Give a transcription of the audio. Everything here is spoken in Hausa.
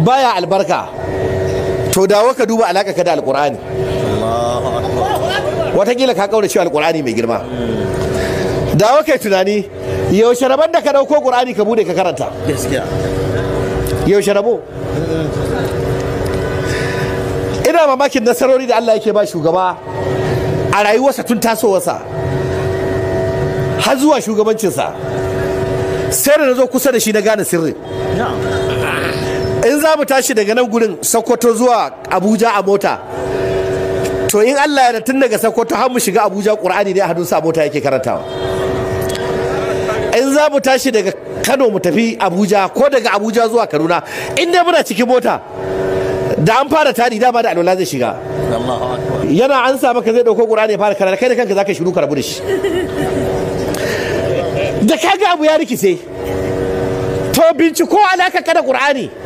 baya albarka to dawo ka duba alaka ka da alkur'ani watakila ka kaura cewa alkur'ani mai girma dawo kai tunani yaushe rabon da ka dauko qur'ani ka bude ka karanta yaushe rabo ina mamakin nasarori da Allah yake ba shugaba a rayuwarsa tun tasowarsa har zuwa shugabancinsa sai da na zo kusa da shi na gane sirri in za mu tashi daga nan gurin sokoto zuwa abuja a mota to in allah ya tun daga sokoto har mu shiga abuja ƙur'ani ne a hannunsa a mota yake karantawa in za mu tashi daga kano mu tafi abuja ko daga abuja zuwa kaduna in dai muna cikin mota da an fara tari dama da alwala zai shiga yana an sa maka zai dauko qur'ani ya fara karanta kai da kanka zaka shiru karabu da shi da kaga abu ya rikice to binciko alaka kada qur'ani